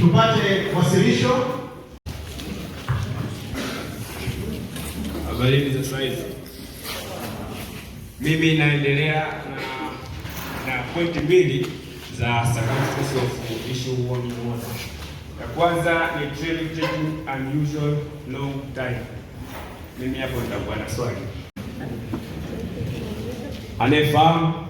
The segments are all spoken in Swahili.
tupate wasilisho. Habari za saizi. Mimi naendelea na na pointi mbili za circumstances of issue one one. Ya kwanza ni trailing taking unusual long time. Mimi hapo nitakuwa na swali. Anayefahamu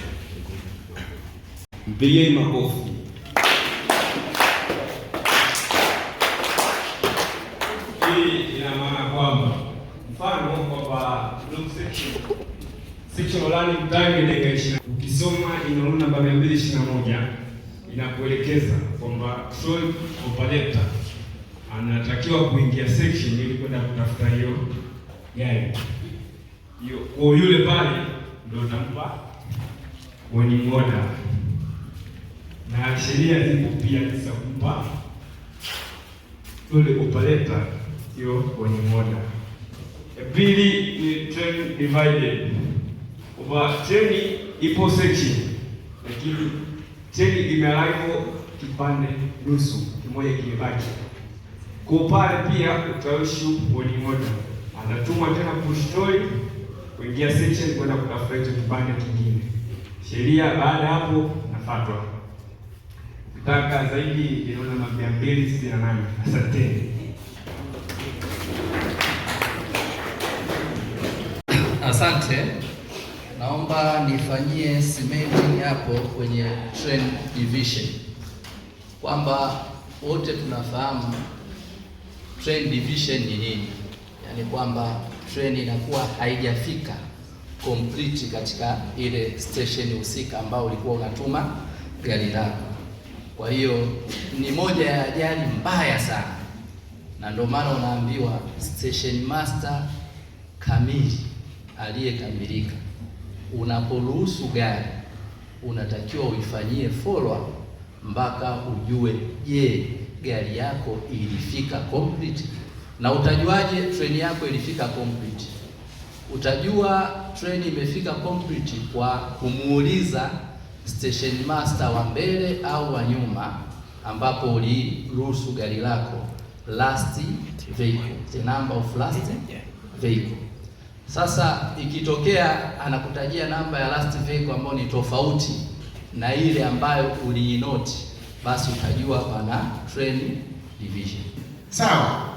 Mpigie makofi. Hii ina maana kwamba mfano kwamba section lani ukisoma inaona namba mia mbili ishirini na moja inakuelekeza kwamba toll anatakiwa kuingia section ili kwenda kutafuta hiyo gari kwa yule pale ndio tampa wenye na sheria zipo pia za kumpa yule opereta hiyo kwenye moja. Ya pili ni train divided. Kwa treni ipo section, lakini treni imearaivo kipande nusu kimoja kimebaki. Kwa pale pia utaishu kwenye moja, anatumwa tena push toy kuingia section kwenda kutafuta kipande kingine. Sheria baada hapo nafatwa. Nataka zaidi inaona mapya mbili sitini na nane. Asanteni. Asante. Naomba nifanyie simenti hapo kwenye train division, kwamba wote tunafahamu train division ni nini, yaani kwamba train inakuwa haijafika complete katika ile station husika ambao ulikuwa unatuma gari lako. Kwa hiyo ni moja ya ajali mbaya sana, na ndio maana unaambiwa station master kamili, aliyekamilika. Unaporuhusu gari, unatakiwa uifanyie follow up mpaka ujue, je, gari yako ilifika complete? Na utajuaje treni yako ilifika complete? Utajua treni imefika complete kwa kumuuliza station master wa mbele au wa nyuma, ambapo uliruhusu gari lako last vehicle, the number of last vehicle. Sasa ikitokea anakutajia namba ya last vehicle ambayo ni tofauti na ile ambayo uliinoti, basi utajua pana train division. Sawa.